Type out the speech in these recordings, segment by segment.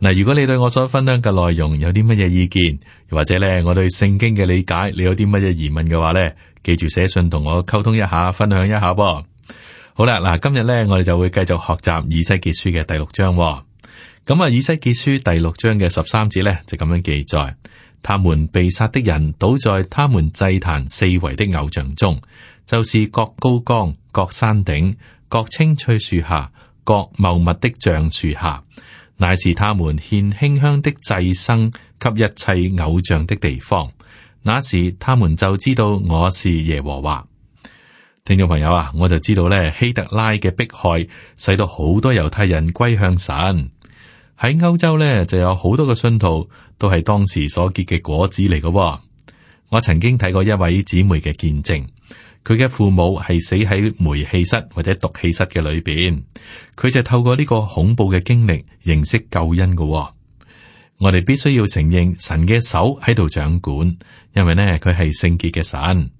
嗱，如果你對我所分享嘅內容有啲乜嘢意見，又或者咧，我對聖經嘅理解，你有啲乜嘢疑問嘅話咧，記住寫信同我溝通一下，分享一下。噃，好啦，嗱，今日咧我哋就會繼續學習以西結書嘅第六章。咁啊，以西結書第六章嘅十三節咧就咁樣記載：他們被殺的人倒在他們祭壇四圍的偶像中，就是各高崗、各山頂、各青翠樹下、各茂密的橡樹下。乃是他們獻馨香的祭牲給一切偶像的地方。那時他們就知道我是耶和華。聽眾朋友啊，我就知道咧希特拉嘅迫害，使到好多猶太人歸向神喺歐洲咧，就有好多嘅信徒都係當時所結嘅果子嚟嘅。我曾經睇過一位姊妹嘅見證。佢嘅父母係死喺煤氣室或者毒氣室嘅裏邊，佢就透過呢個恐怖嘅經歷認識救恩嘅、哦。我哋必須要承認神嘅手喺度掌管，因為呢佢係聖潔嘅神。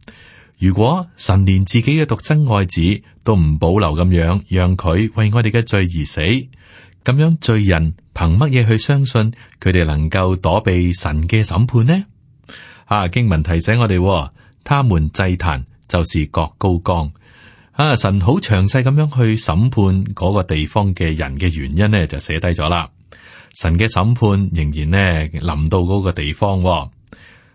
如果神連自己嘅獨生愛子都唔保留咁樣，讓佢為我哋嘅罪而死，咁樣罪人憑乜嘢去相信佢哋能夠躲避神嘅審判呢？啊，經文提醒我哋、哦，他們祭壇。就是各高崗啊！神好詳細咁樣去審判嗰個地方嘅人嘅原因呢，就寫低咗啦。神嘅審判仍然呢臨到嗰個地方、哦，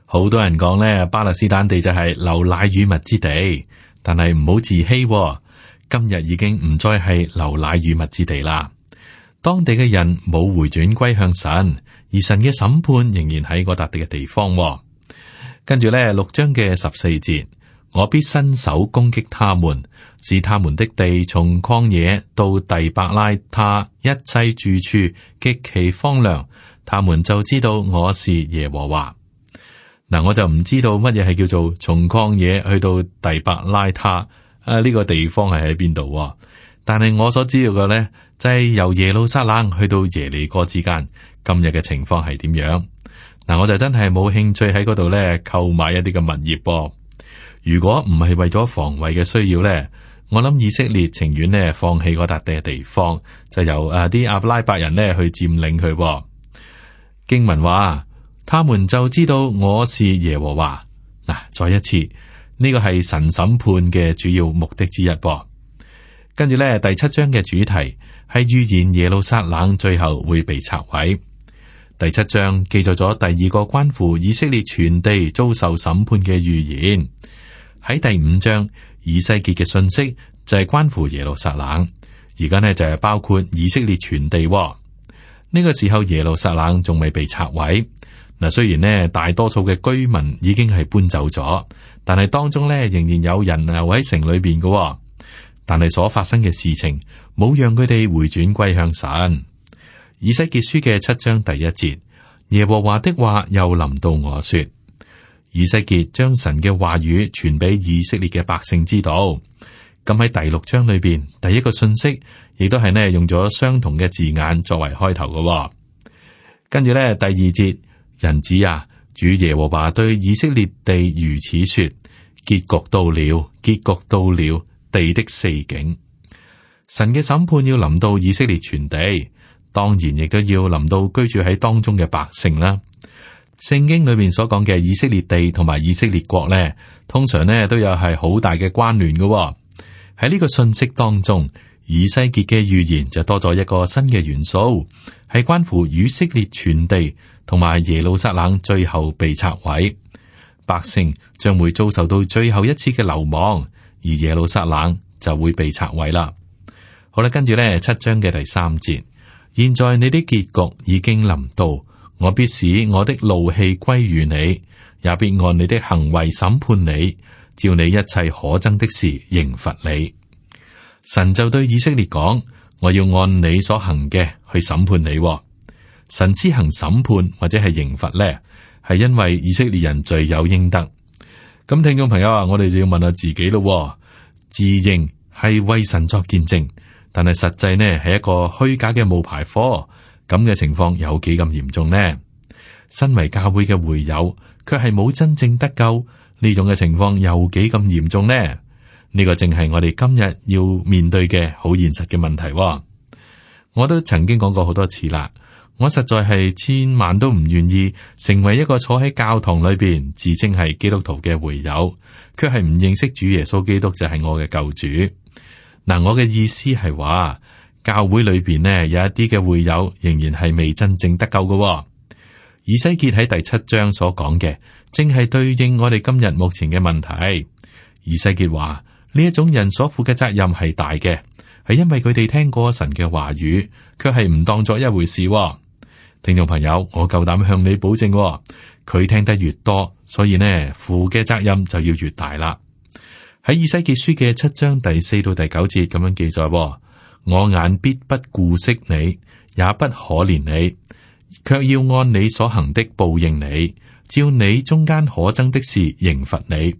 好多人講呢，巴勒斯坦地就係流奶與蜜之地，但係唔好自欺、哦，今日已經唔再係流奶與蜜之地啦。當地嘅人冇回轉歸向神，而神嘅審判仍然喺我達地嘅地方、哦。跟住咧六章嘅十四節。我必伸手攻擊他們，使他們的地從曠野到第伯拉他一切住處極其荒涼。他們就知道我是耶和華。嗱、嗯，我就唔知道乜嘢係叫做從曠野去到第伯拉他啊？呢、這個地方係喺邊度？但係我所知道嘅咧，就係、是、由耶路撒冷去到耶利哥之間，今日嘅情況係點樣？嗱、嗯，我就真係冇興趣喺嗰度咧購買一啲嘅物業、噃。如果唔係為咗防衛嘅需要呢，我諗以色列情願呢，放棄嗰笪地嘅地方，就由誒啲阿拉伯人呢去佔領佢。經文話，他們就知道我是耶和華。嗱，再一次呢個係神審判嘅主要目的之一。噃，跟住呢，第七章嘅主題係預言耶路撒冷最後會被拆毀。第七章記載咗第二個關乎以色列全地遭受審判嘅預言。喺第五章以西結嘅信息就係關乎耶路撒冷，而家呢就係、是、包括以色列全地，哦。呢、這個時候耶路撒冷仲未被拆毀，嗱雖然呢大多數嘅居民已經係搬走咗，但係當中呢仍然有人留喺城裏邊嘅、哦。但係所發生嘅事情冇讓佢哋回轉歸向神。以西結書嘅七章第一節，耶和華的話又臨到我說。以西結將神嘅話語傳俾以色列嘅百姓知道。咁喺第六章裏邊，第一個信息亦都係呢用咗相同嘅字眼作為開頭嘅。跟住咧，第二節人子啊，主耶和華對以色列地如此說：結局到了，結局到了，地的四境，神嘅審判要臨到以色列全地，當然亦都要臨到居住喺當中嘅百姓啦。聖經裏面所講嘅以色列地同埋以色列國呢，通常咧都有係好大嘅關聯噶喎。喺呢個信息當中，以西結嘅預言就多咗一個新嘅元素，係關乎以色列全地同埋耶路撒冷最後被拆毀，百姓將會遭受到最後一次嘅流亡，而耶路撒冷就會被拆毀啦。好啦，跟住呢七章嘅第三節，現在你的結局已經臨到。我必使我的怒氣歸於你，也必按你的行為審判你，照你一切可憎的事刑罰你。神就對以色列講：我要按你所行嘅去審判你。神施行審判或者係刑罰呢，係因為以色列人罪有應得。咁聽眾朋友啊，我哋就要問下自己咯：自認係為神作見證，但係實際呢，係一個虛假嘅冒牌貨。咁嘅情況有幾咁嚴重呢？身為教會嘅會友，卻係冇真正得救，呢種嘅情況又幾咁嚴重呢？呢個正係我哋今日要面對嘅好現實嘅問題哦。我都曾經講過好多次啦，我實在係千萬都唔願意成為一個坐喺教堂裏邊自稱係基督徒嘅會友，卻係唔認識主耶穌基督就係我嘅救主。嗱，我嘅意思係話。教會裏邊呢，有一啲嘅會友仍然係未真正得救嘅，哦。以西結喺第七章所講嘅，正係對應我哋今日目前嘅問題。以西結話呢一種人所負嘅責任係大嘅，係因為佢哋聽過神嘅話語，卻係唔當作一回事，哦。聽眾朋友，我夠膽向你保證，哦，佢聽得越多，所以呢負嘅責任就要越大啦。喺以西結書嘅七章第四到第九節咁樣記載，哦。我眼必不顧惜你，也不可憐你，卻要按你所行的報應你，照你中間可憎的事刑罰你。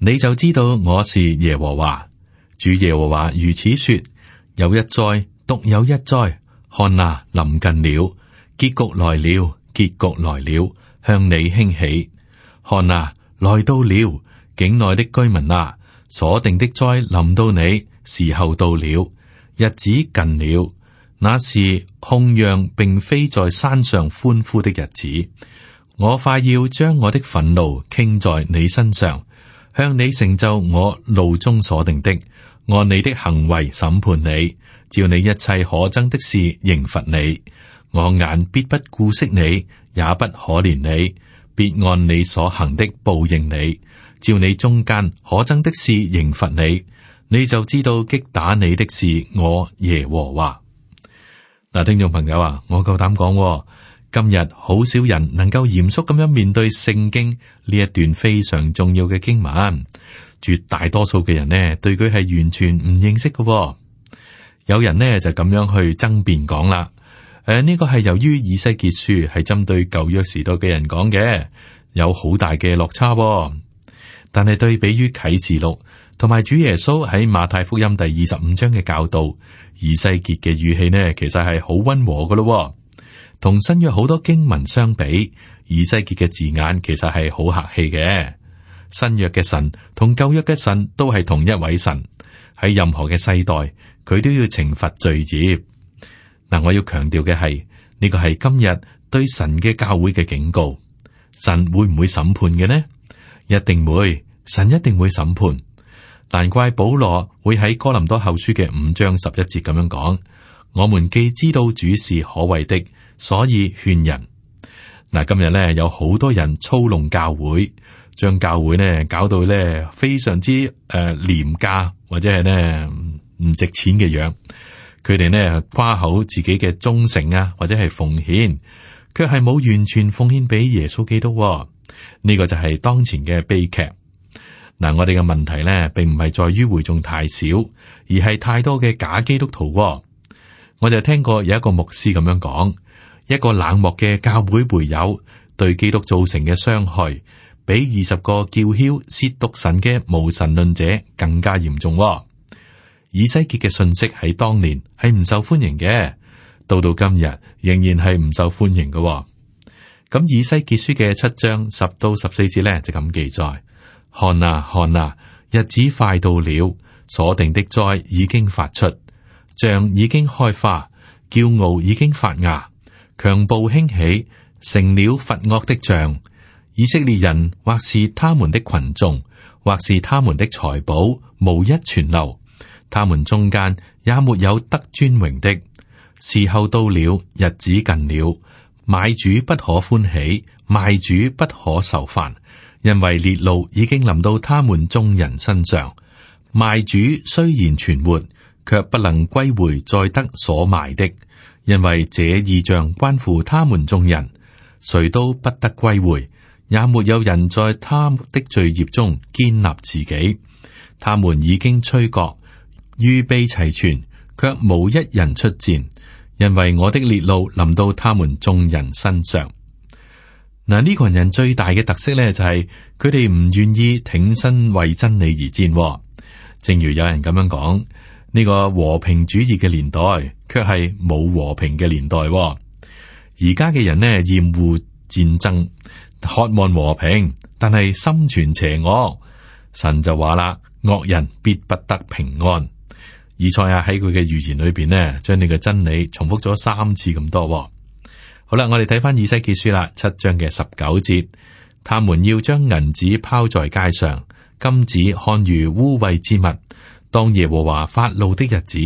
你就知道我是耶和華。主耶和華如此說：有一災，獨有一災。看啊，臨近了，結局來了，結局來了，向你興起。看啊，來到了，境內的居民啊，所定的災臨到你，時候到了。日子近了，那是控讓並非在山上歡呼的日子。我快要將我的憤怒傾在你身上，向你成就我路中所定的，按你的行為審判你，照你一切可憎的事刑罰你。我眼必不顧惜你，也不可憐你，必按你所行的報應你，照你中間可憎的事刑罰你。你就知道擊打你的是我耶和華。嗱，聽眾朋友啊，我夠膽講，今日好少人能夠嚴肅咁樣面對聖經呢一段非常重要嘅經文。絕大多數嘅人呢，對佢係完全唔認識嘅啊。有人呢就咁樣去爭辯講啦。誒啊，呢個係由於以西結書係針對舊約時代嘅人講嘅，有好大嘅落差啊。但係對比於啟示錄。同埋主耶穌喺馬太福音第二十五章嘅教導，以西結嘅語氣呢，其實係好温和噶咯、哦。同新約好多經文相比，以西結嘅字眼其實係好客氣嘅。新約嘅神同舊約嘅神都係同一位神，喺任何嘅世代，佢都要懲罰罪者。嗱，我要強調嘅係呢個係今日對神嘅教會嘅警告。神會唔會審判嘅呢？一定會，神一定會審判。難怪保羅會喺哥林多後書嘅五章十一節咁樣講：我們既知道主是可畏的，所以勸人。嗱，今日咧有好多人操弄教會，將教會咧搞到咧非常之誒廉價或者係咧唔值錢嘅樣。佢哋咧誇口自己嘅忠誠啊，或者係奉獻，卻係冇完全奉獻俾耶穌基督、哦。呢個就係當前嘅悲劇。嗱，我哋嘅問題咧，並唔係在於會眾太少，而係太多嘅假基督徒。我就聽過有一個牧師咁樣講：一個冷漠嘅教會會友對基督造成嘅傷害，比二十個叫囂褻瀆神嘅無神論者更加嚴重。以西結嘅信息喺當年係唔受歡迎嘅，到到今日仍然係唔受歡迎嘅。咁以西結書嘅七章十到十四節呢，就咁記載。看啊看啊，日子快到了，所定的災已經發出，象已經開花，驕傲已經發芽，強暴興起，成了罰惡的象。以色列人或是他們的群眾，或是他們的財寶，無一存留。他們中間也沒有得尊榮的。時候到了，日子近了，買主不可歡喜，賣主不可受煩。因為烈怒已經臨到他們眾人身上，賣主雖然存活，卻不能歸回再得所賣的，因為這異象關乎他們眾人，誰都不得歸回，也沒有人在他的罪孽中建立自己。他們已經吹角，預備齊全，卻無一人出戰，因為我的烈怒臨到他們眾人身上。嗱，呢群人最大嘅特色咧，就係佢哋唔願意挺身為真理而戰喎。正如有人咁樣講，呢個和平主義嘅年代，卻係冇和平嘅年代喎。而家嘅人呢，厭惡戰爭，渴望和平，但係心存邪惡。神就話啦，惡人必不得平安。以賽亞喺佢嘅預言裏邊呢，將呢個真理重複咗三次咁多喎。好啦，我哋睇翻以西結書啦，七章嘅十九節，他們要將銀子拋在街上，金子看如污穢之物。當耶和華發怒的日子，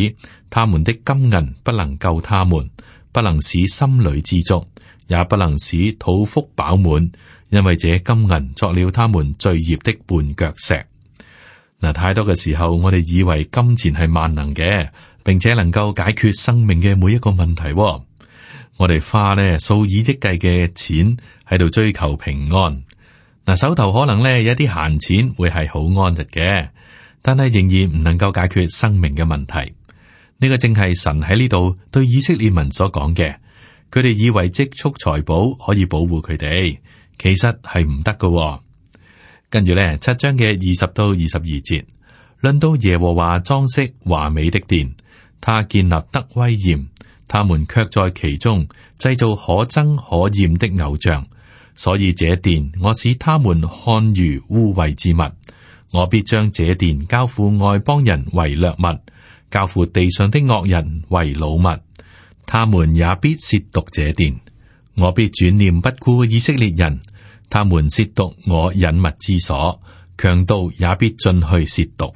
他們的金銀不能救他們，不能使心裏知足，也不能使肚腹飽滿，因為這金銀作了他們罪孽的絆腳石。嗱，太多嘅時候，我哋以為金錢係萬能嘅，並且能夠解決生命嘅每一個問題。我哋花呢數以億計嘅錢喺度追求平安，嗱，手頭可能呢，有一啲閒錢會係好安逸嘅，但係仍然唔能夠解決生命嘅問題。呢個正係神喺呢度對以色列民所講嘅，佢哋以為積蓄財寶可以保護佢哋，其實係唔得嘅。跟住呢，七章嘅二十到二十二節，論到耶和華裝飾華美的殿，他建立得威嚴。他們卻在其中製造可憎可厭的偶像，所以這殿我使他們看如污穢之物，我必將這殿交付外邦人為掠物，交付地上的惡人為擄物，他們也必褻瀆這殿。我必轉念不顧以色列人，他們褻瀆我隱密之所，強盜也必進去褻瀆。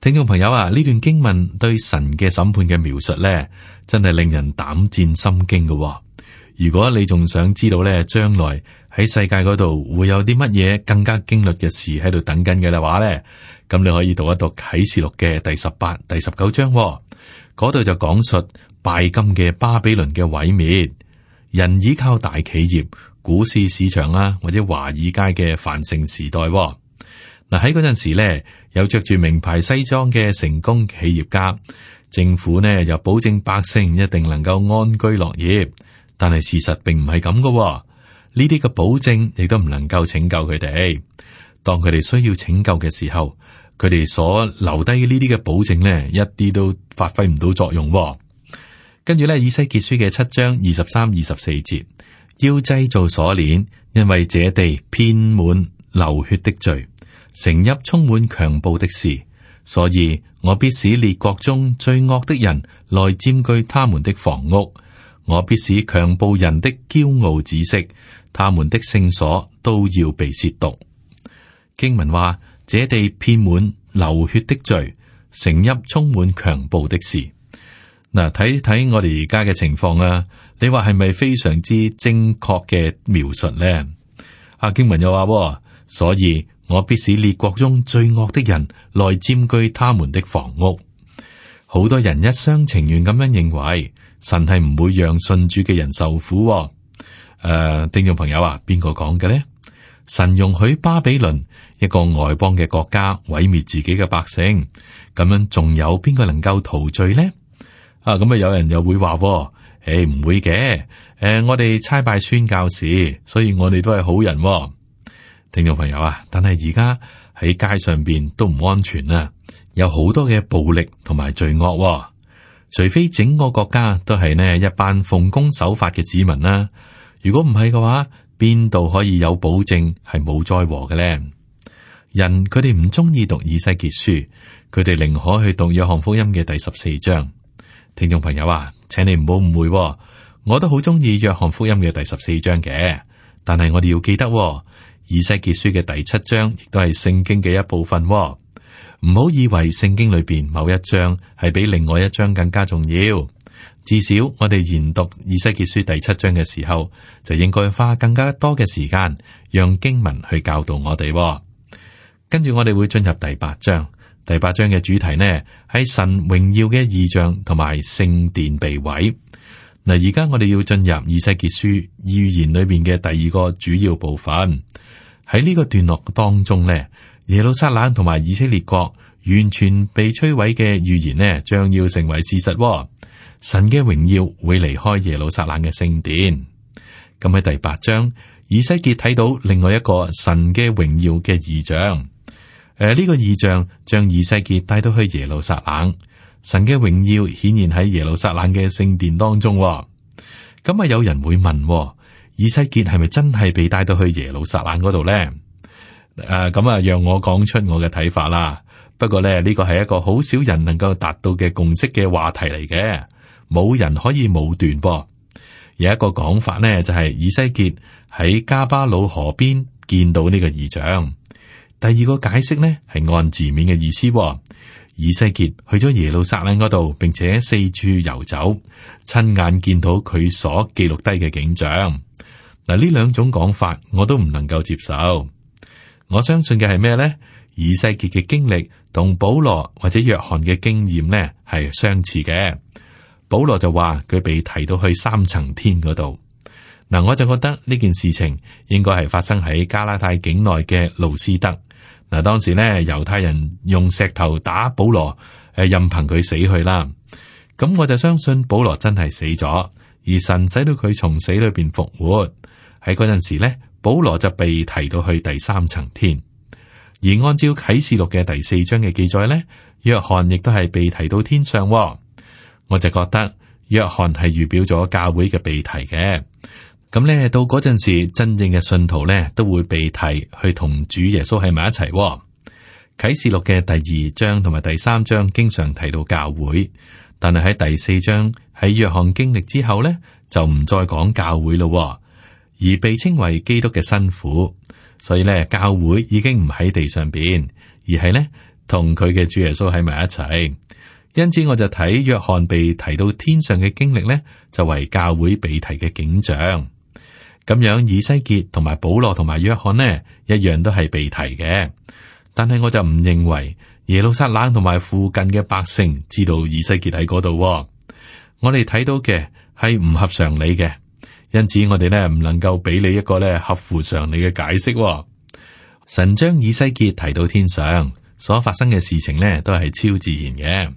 聽眾朋友啊，呢段經文對神嘅審判嘅描述咧，真係令人膽戰心驚嘅、哦。如果你仲想知道咧，將來喺世界嗰度會有啲乜嘢更加經歷嘅事喺度等緊嘅話咧，咁你可以讀一讀啟示錄嘅第十八、第十九章、哦，嗰度就講述拜金嘅巴比倫嘅毀滅，人依靠大企業、股市市場啊，或者華爾街嘅繁盛時代、哦。嗱，喺嗰陣時咧，有着住名牌西裝嘅成功企業家，政府呢，又保證百姓一定能夠安居樂業。但係事實並唔係咁噶。呢啲嘅保證亦都唔能夠拯救佢哋。當佢哋需要拯救嘅時候，佢哋所留低呢啲嘅保證呢，一啲都發揮唔到作用喎。跟住呢，以西結書嘅七章二十三、二十四節，要製造鎖鏈，因為這地遍滿流血的罪。成邑充滿強暴的事，所以我必使列國中最惡的人來佔據他們的房屋。我必使強暴人的驕傲止息，他們的聖所都要被褻瀆。經文話：這地遍滿流血的罪，成邑充滿強暴的事。嗱，睇睇我哋而家嘅情況啊，你話係咪非常之正確嘅描述呢？阿經文又話，所以。我必使列國中最惡的人來佔據他們的房屋。好多人一廂情願咁樣認為，神係唔會讓信主嘅人受苦，哦。誒、呃，聽眾朋友啊，邊個講嘅呢？神容許巴比倫一個外邦嘅國家毀滅自己嘅百姓，咁樣仲有邊個能夠逃罪呢？啊，咁啊，有人又會話，哦，誒、欸，唔會嘅。誒、呃，我哋差派宣教士，所以我哋都係好人，哦。聽眾朋友啊，但係而家喺街上邊都唔安全啊，有好多嘅暴力同埋罪惡啊。除非整個國家都係呢一班奉公守法嘅子民啦啊，如果唔係嘅話，邊度可以有保證係冇災禍嘅咧？人佢哋唔中意讀以西結書，佢哋寧可去讀約翰福音嘅第十四章。聽眾朋友啊，請你唔好誤會啊，我都好中意約翰福音嘅第十四章嘅，但係我哋要記得啊。以西結書嘅第七章，亦都係聖經嘅一部分、哦。唔好以為聖經裏邊某一章係比另外一章更加重要。至少我哋研讀以西結書第七章嘅時候，就應該花更加多嘅時間，讓經文去教導我哋、哦。跟住我哋會進入第八章，第八章嘅主題呢，係神榮耀嘅異象同埋聖殿被毀。嗱，而家我哋要進入《以西結書》預言裏邊嘅第二個主要部分。喺呢個段落當中咧，耶路撒冷同埋以色列國完全被摧毀嘅預言咧，將要成為事實。神嘅榮耀會離開耶路撒冷嘅聖殿。咁喺第八章，《以西結》睇到另外一個神嘅榮耀嘅異象。誒，呢個異象將以西結帶到去耶路撒冷。神嘅榮耀顯現喺耶路撒冷嘅聖殿當中，咁啊有人會問：以西結係咪真係被帶到去耶路撒冷嗰度咧？誒，咁啊，讓我講出我嘅睇法啦。不過咧，呢個係一個好少人能夠達到嘅共識嘅話題嚟嘅，冇人可以武斷噃。有一個講法呢，就係以西結喺加巴魯河邊見到呢個異象。第二個解釋呢，係按字面嘅意思。以西結去咗耶路撒冷嗰度，並且四處遊走，親眼見到佢所記錄低嘅景象。嗱，呢兩種講法我都唔能夠接受。我相信嘅係咩咧？以西結嘅經歷同保羅或者約翰嘅經驗咧係相似嘅。保羅就話佢被提到去三層天嗰度。嗱，我就覺得呢件事情應該係發生喺加拉太境內嘅路斯德。嗱，當時咧，猶太人用石頭打保羅，誒，任憑佢死去啦。咁我就相信保羅真係死咗，而神使到佢從死裏邊復活。喺嗰陣時咧，保羅就被提到去第三層天。而按照啟示錄嘅第四章嘅記載咧，約翰亦都係被提到天上。我就覺得約翰係預表咗教會嘅被提嘅。咁咧，到嗰陣時，真正嘅信徒咧，都會被提去同主耶穌喺埋一齊。啟示錄嘅第二章同埋第三章經常提到教會，但係喺第四章喺約翰經歷之後咧，就唔再講教會咯，而被稱為基督嘅辛苦。所以咧，教會已經唔喺地上面，而係咧同佢嘅主耶穌喺埋一齊。因此，我就睇約翰被提到天上嘅經歷咧，就為教會被提嘅景象。咁樣，以西結同埋保羅同埋約翰呢，一樣都係被提嘅。但係我就唔認為耶路撒冷同埋附近嘅百姓知道以西結喺嗰度。我哋睇到嘅係唔合常理嘅，因此我哋呢唔能夠俾你一個呢合乎常理嘅解釋哦。神將以西結提到天上所發生嘅事情呢都係超自然嘅。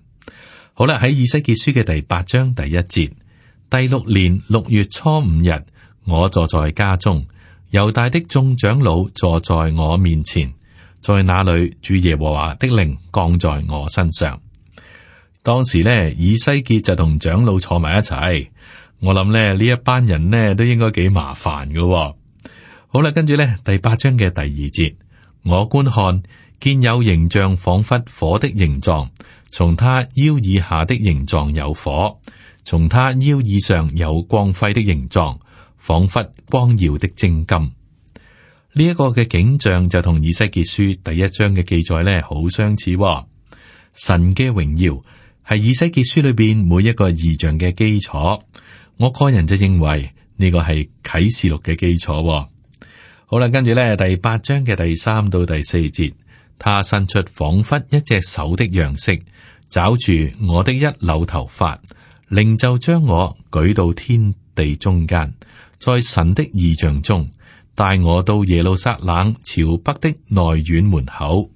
好啦，喺以西結書嘅第八章第一節，第六年六月初五日。我坐在家中，猶大的眾長老坐在我面前，在那裏主耶和華的靈降在我身上。當時呢，以西結就同長老坐埋一齊。我諗呢，呢一班人呢都應該幾麻煩嘅哦。好啦，跟住呢第八章嘅第二節，我觀看見有形象，仿佛火的形狀，從他腰以下的形狀有火，從他腰以上有光輝的形狀。仿佛光耀的精金呢，一，這個嘅景象就同以西結書第一章嘅記載咧，好相似，哦。神嘅榮耀係以西結書裏邊每一個異象嘅基礎。我個人就認為呢個係啟示錄嘅基礎，哦。好啦，跟住咧第八章嘅第三到第四節，他伸出仿佛一隻手的樣式，抓住我的一綹頭髮，靈就將我舉到天地中間。在神的異象中，帶我到耶路撒冷朝北的內院門口，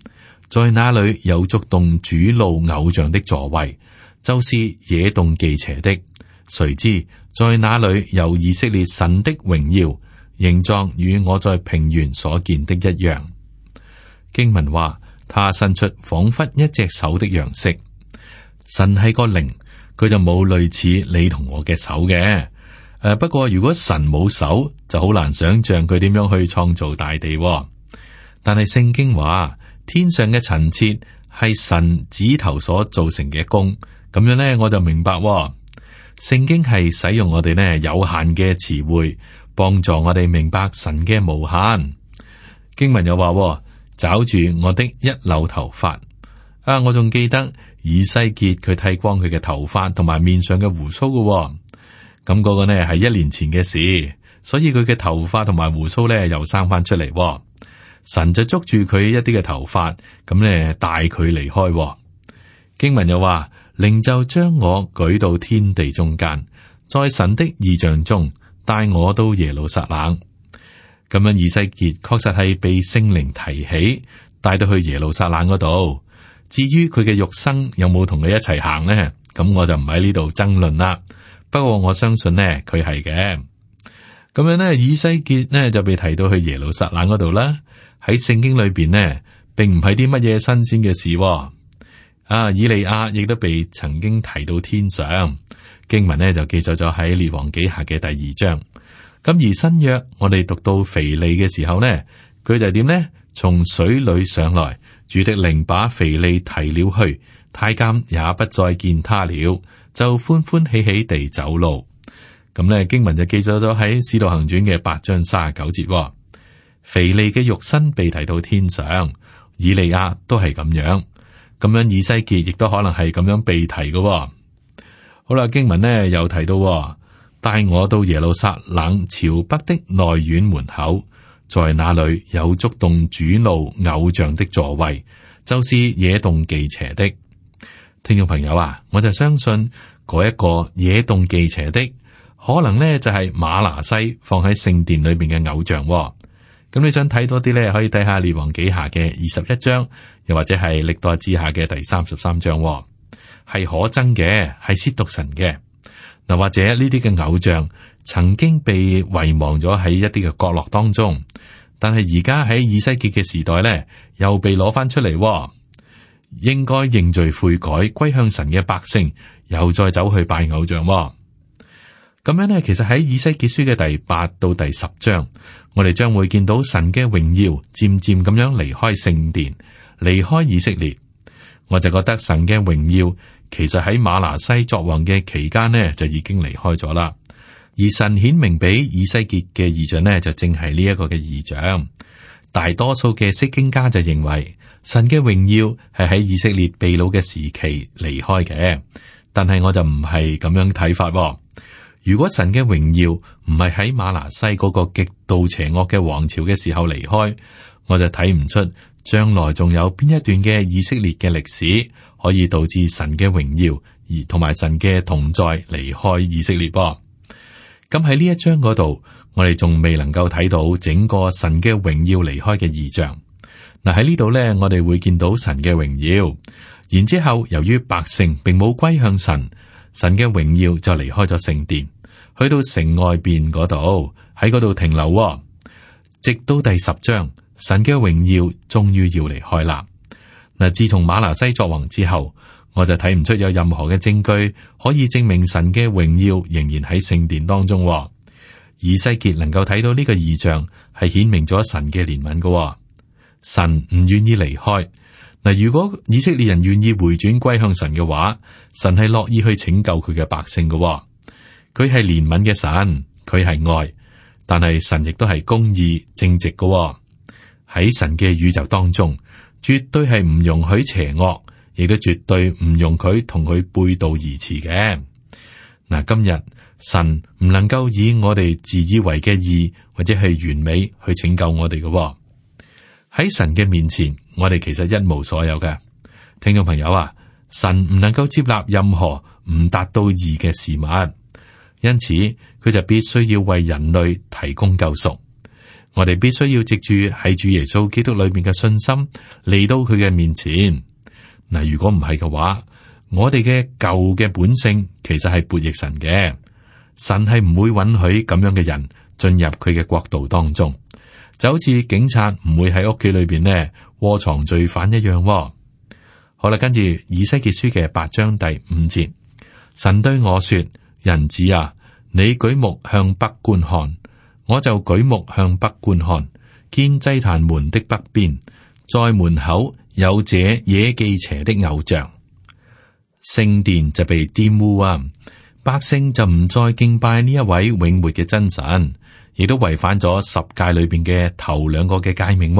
在那裡有觸動主怒偶像的座位，就是野動忌邪的。誰知在那裡有以色列神的榮耀，形狀與我在平原所見的一樣。經文話，他伸出仿佛一隻手的樣式。神係個靈，佢就冇類似你同我嘅手嘅。誒、啊，不過如果神冇手，就好難想象佢點樣去創造大地，哦。但係聖經話，天上嘅陳設係神指頭所造成嘅工，咁樣呢，我就明白聖、哦、經係使用我哋咧有限嘅詞彙，幫助我哋明白神嘅無限。經文又話，找、哦、住我的一綹頭髮。啊，我仲記得以西結佢剃光佢嘅頭髮同埋面上嘅鬍鬚噶。咁嗰個呢係一年前嘅事，所以佢嘅頭髮同埋鬍鬚呢又生翻出嚟。神就捉住佢一啲嘅頭髮，咁呢，帶佢離開。經文又話，靈就將我舉到天地中間，在神的異象中帶我到耶路撒冷。咁樣以西結確實係被聖靈提起，帶到去耶路撒冷嗰度。至於佢嘅肉身有冇同佢一齊行呢？咁我就唔喺呢度爭論啦。不過我相信呢，佢係嘅。咁樣呢，以西結呢就被提到去耶路撒冷嗰度啦。喺聖經裏邊呢，並唔係啲乜嘢新鮮嘅事。啊，以利亞亦都被曾經提到天上，經文呢就記載咗喺列王記下嘅第二章。咁而新約，我哋讀到腓利嘅時候呢，佢就係點呢？從水裏上來，主的靈把腓利提了去，太監也不再見他了。就歡歡喜喜地走路，咁咧經文就記載咗喺《使徒行傳》嘅八章三十九節。腓利嘅肉身被提到天上，以利亞都係咁樣，咁樣以西結亦都可能係咁樣被提嘅。好啦，經文呢又提到，帶我到耶路撒冷朝北的內院門口，在那裏有觸動主怒偶像的座位，就是惹動忌邪的。聽眾朋友啊，我就相信嗰一個惹動忌邪的，可能呢，就係馬拿西放喺聖殿裏面嘅偶像，哦。咁你想睇多啲呢，可以睇下列王記下嘅二十一章，又或者係歷代志下嘅第三十三章，哦，係可憎嘅，係褻瀆神嘅。嗱，或者呢啲嘅偶像曾經被遺忘咗喺一啲嘅角落當中，但係而家喺以西結嘅時代呢，又被攞翻出嚟，哦。應該認罪悔改歸向神嘅百姓，又再走去拜偶像。咁樣呢，其實喺以西結書嘅第八到第十章，我哋將會見到神嘅榮耀漸漸咁樣離開聖殿，離開以色列。我就覺得神嘅榮耀其實喺馬拿西作王嘅期間呢就已經離開咗啦。而神顯明俾以西結嘅異象呢，就正係呢一個嘅異象。大多數嘅釋經家就認為。神嘅榮耀係喺以色列被擄嘅時期離開嘅，但係我就唔係咁樣睇法。如果神嘅榮耀唔係喺瑪拿西嗰個極度邪惡嘅王朝嘅時候離開，我就睇唔出將來仲有邊一段嘅以色列嘅歷史可以導致神嘅榮耀而同埋神嘅同在離開以色列。噃，咁喺呢一章嗰度，我哋仲未能夠睇到整個神嘅榮耀離開嘅異象。嗱，喺呢度呢，我哋會見到神嘅榮耀。然之後，由於百姓並冇歸向神，神嘅榮耀就離開咗聖殿，去到城外邊嗰度，喺嗰度停留、哦，直到第十章，神嘅榮耀終於要離開啦。嗱，自從馬拿西作王之後，我就睇唔出有任何嘅證據可以證明神嘅榮耀仍然喺聖殿當中、哦。以西結能夠睇到呢個異象，係顯明咗神嘅憐憫噶、哦。神唔願意離開。嗱，如果以色列人願意回轉歸向神嘅話，神係樂意去拯救佢嘅百姓嘅、哦。佢係憐憫嘅神，佢係愛，但係神亦都係公義正直嘅、哦。喺神嘅宇宙當中，絕對係唔容許邪惡，亦都絕對唔容佢同佢背道而馳嘅。嗱，今日神唔能夠以我哋自以為嘅義或者係完美去拯救我哋嘅、哦。喺神嘅面前，我哋其實一無所有嘅。聽眾朋友啊，神唔能夠接納任何唔達到義嘅事物，因此佢就必須要為人類提供救贖。我哋必須要藉住喺主耶穌基督裏邊嘅信心嚟到佢嘅面前。嗱，如果唔係嘅話，我哋嘅舊嘅本性其實係悖逆神嘅，神係唔會允許咁樣嘅人進入佢嘅國度當中。就好似警察唔會喺屋企裏邊呢，窩藏罪犯一樣，哦。好啦，跟住以西結書嘅八章第五節，神對我說：人子啊，你舉目向北觀看，我就舉目向北觀看，見祭壇門的北邊，在門口有這惹忌邪的偶像，聖殿就被玷污啊，百姓就唔再敬拜呢一位永活嘅真神。亦都違反咗十誡裏邊嘅頭兩個嘅誡命。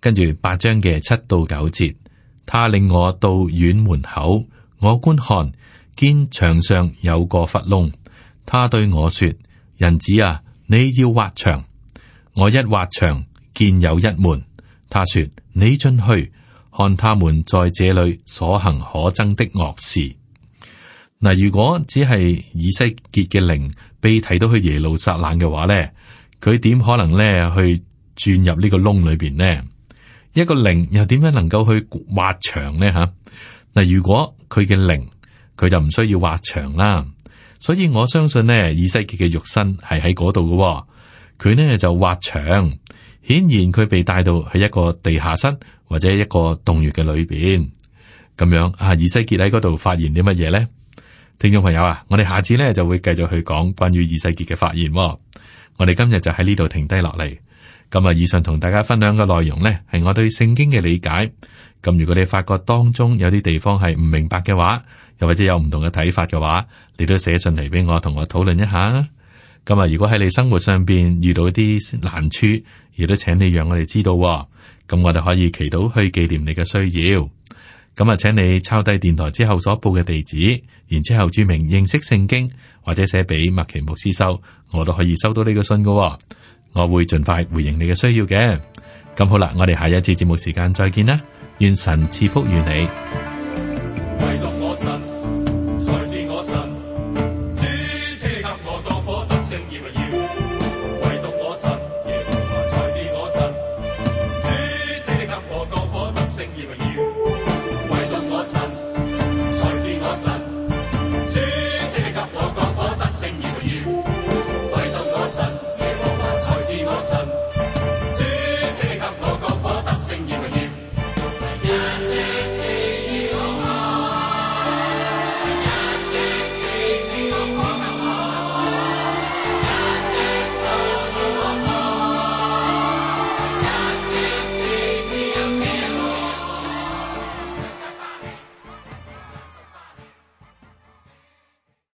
跟住八章嘅七到九節，他領我到院門口，我觀看，見牆上有個窟窿。他對我說：人子啊，你要挖牆。我一挖牆，見有一門。他說：你進去看他們在這裏所行可憎的惡事。嗱、呃，如果只係以西結嘅靈。被睇到去耶路撒冷嘅話咧，佢點可能咧去轉入呢個窿裏邊咧？一個靈又點樣能夠去挖牆咧？吓嗱，如果佢嘅靈，佢就唔需要挖牆啦。所以我相信咧，以西結嘅肉身係喺嗰度嘅，佢咧就挖牆，顯然佢被帶到喺一個地下室或者一個洞穴嘅裏邊。咁樣啊，以西結喺嗰度發現啲乜嘢咧？聽眾朋友啊，我哋下次咧就會繼續去講關於以西結嘅發言，哦。我哋今日就喺呢度停低落嚟。咁啊，以上同大家分享嘅內容咧，係我對聖經嘅理解。咁如果你發覺當中有啲地方係唔明白嘅話，又或者有唔同嘅睇法嘅話，你都寫信嚟俾我，同我討論一下。咁啊，如果喺你生活上邊遇到啲難處，亦都請你讓我哋知道。咁我哋可以祈禱去紀念你嘅需要。咁啊，請你抄低電台之後所報嘅地址，然之後注明認識聖經或者寫俾麥奇牧師收，我都可以收到呢個信噶喎。我會盡快回應你嘅需要嘅。咁好啦，我哋下一次節目時間再見啦，願神賜福與你。